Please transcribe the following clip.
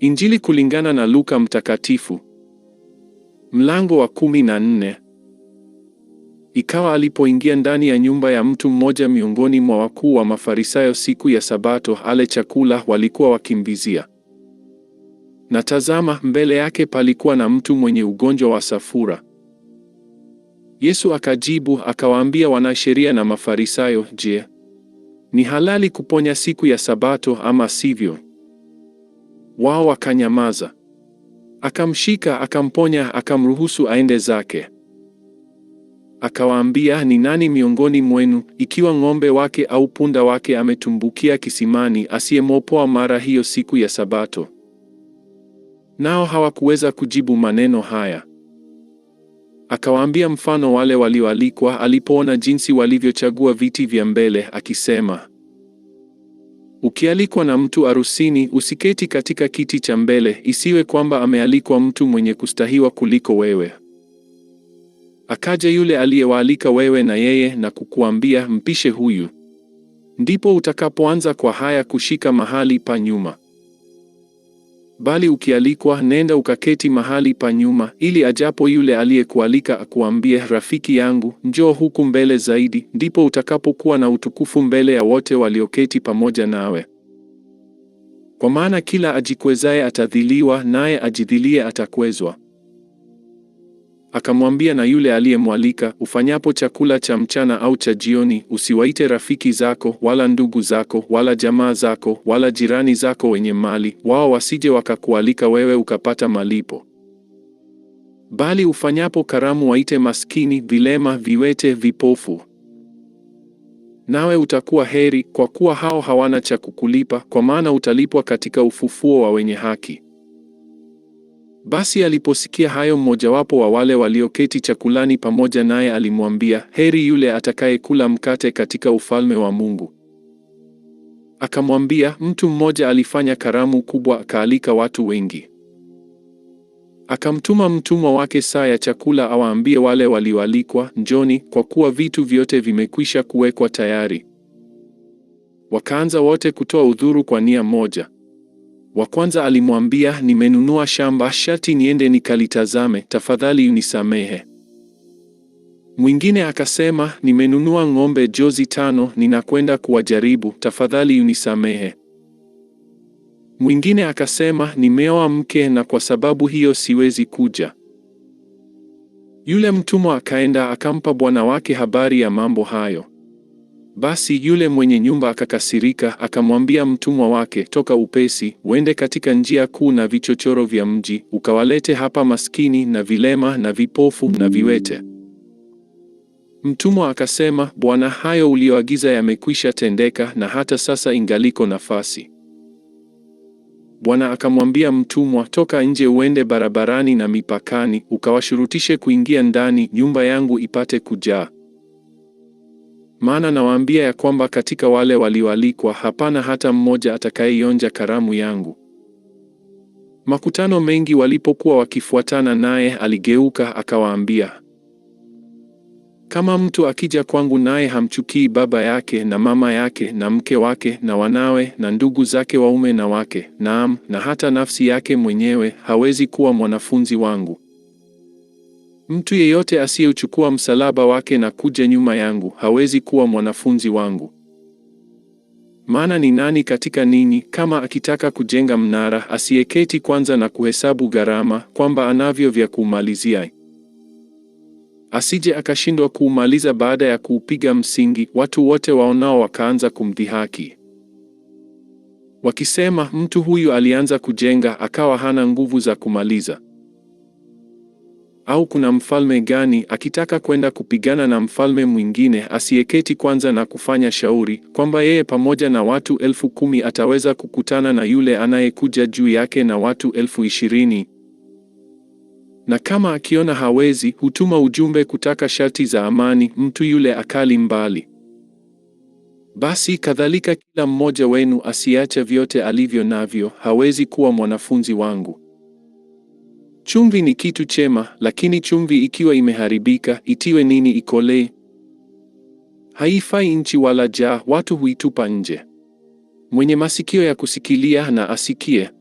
Injili kulingana na Luka Mtakatifu, mlango wa kumi na nne. Ikawa alipoingia ndani ya nyumba ya mtu mmoja miongoni mwa wakuu wa Mafarisayo siku ya Sabato ale chakula, walikuwa wakimbizia. Na tazama, mbele yake palikuwa na mtu mwenye ugonjwa wa safura. Yesu akajibu akawaambia wanasheria na Mafarisayo, Je, ni halali kuponya siku ya Sabato ama sivyo? wao wakanyamaza. Akamshika, akamponya, akamruhusu aende zake. Akawaambia, ni nani miongoni mwenu ikiwa ng'ombe wake au punda wake ametumbukia kisimani, asiyemwopoa mara hiyo siku ya Sabato? Nao hawakuweza kujibu maneno haya. Akawaambia mfano wale walioalikwa, alipoona jinsi walivyochagua viti vya mbele, akisema Ukialikwa na mtu arusini usiketi katika kiti cha mbele, isiwe kwamba amealikwa mtu mwenye kustahiwa kuliko wewe. Akaja yule aliyewaalika wewe na yeye na kukuambia, mpishe huyu. Ndipo utakapoanza kwa haya kushika mahali pa nyuma bali ukialikwa nenda ukaketi mahali pa nyuma, ili ajapo yule aliyekualika akuambie, rafiki yangu, njoo huku mbele zaidi, ndipo utakapokuwa na utukufu mbele ya wote walioketi pamoja nawe. Kwa maana kila ajikwezaye atadhiliwa, naye ajidhilie atakwezwa. Akamwambia na yule aliyemwalika, ufanyapo chakula cha mchana au cha jioni, usiwaite rafiki zako wala ndugu zako wala jamaa zako wala jirani zako wenye mali, wao wasije wakakualika wewe ukapata malipo. Bali ufanyapo karamu waite maskini, vilema, viwete, vipofu nawe utakuwa heri, kwa kuwa hao hawana cha kukulipa, kwa maana utalipwa katika ufufuo wa wenye haki. Basi aliposikia hayo, mmojawapo wa wale walioketi chakulani pamoja naye alimwambia, heri yule atakayekula mkate katika ufalme wa Mungu. Akamwambia, mtu mmoja alifanya karamu kubwa, akaalika watu wengi. Akamtuma mtumwa wake saa ya chakula awaambie wale walioalikwa, njoni, kwa kuwa vitu vyote vimekwisha kuwekwa tayari. Wakaanza wote kutoa udhuru kwa nia moja. Wa kwanza alimwambia, nimenunua shamba, shati niende nikalitazame, tafadhali unisamehe. Mwingine akasema, nimenunua ng'ombe jozi tano, ninakwenda kuwajaribu, tafadhali unisamehe. Mwingine akasema, nimeoa mke na kwa sababu hiyo siwezi kuja. Yule mtumwa akaenda akampa bwana wake habari ya mambo hayo. Basi yule mwenye nyumba akakasirika, akamwambia mtumwa wake, toka upesi, uende katika njia kuu na vichochoro vya mji, ukawalete hapa maskini na vilema na vipofu na viwete. Mtumwa akasema, Bwana, hayo uliyoagiza yamekwisha tendeka, na hata sasa ingaliko nafasi. Bwana akamwambia mtumwa, toka nje uende barabarani na mipakani, ukawashurutishe kuingia ndani, nyumba yangu ipate kujaa. Maana nawaambia ya kwamba katika wale walioalikwa hapana hata mmoja atakayeionja karamu yangu. Makutano mengi walipokuwa wakifuatana naye, aligeuka akawaambia, kama mtu akija kwangu naye hamchukii baba yake na mama yake na mke wake na wanawe na ndugu zake waume na wake, naam, na hata nafsi yake mwenyewe, hawezi kuwa mwanafunzi wangu. Mtu yeyote asiyeuchukua msalaba wake na kuja nyuma yangu hawezi kuwa mwanafunzi wangu. Maana ni nani katika ninyi, kama akitaka kujenga mnara, asiyeketi kwanza na kuhesabu gharama, kwamba anavyo vya kuumalizia, asije akashindwa kuumaliza, baada ya kuupiga msingi, watu wote waonao wakaanza kumdhihaki wakisema, mtu huyu alianza kujenga, akawa hana nguvu za kumaliza au kuna mfalme gani akitaka kwenda kupigana na mfalme mwingine asiyeketi kwanza na kufanya shauri kwamba yeye pamoja na watu elfu kumi ataweza kukutana na yule anayekuja juu yake na watu elfu ishirini na kama akiona hawezi, hutuma ujumbe kutaka sharti za amani, mtu yule akali mbali. Basi kadhalika kila mmoja wenu asiacha vyote alivyo navyo, hawezi kuwa mwanafunzi wangu. Chumvi ni kitu chema, lakini chumvi ikiwa imeharibika, itiwe nini ikolee? Haifai nchi wala jaa, watu huitupa nje. Mwenye masikio ya kusikilia na asikie.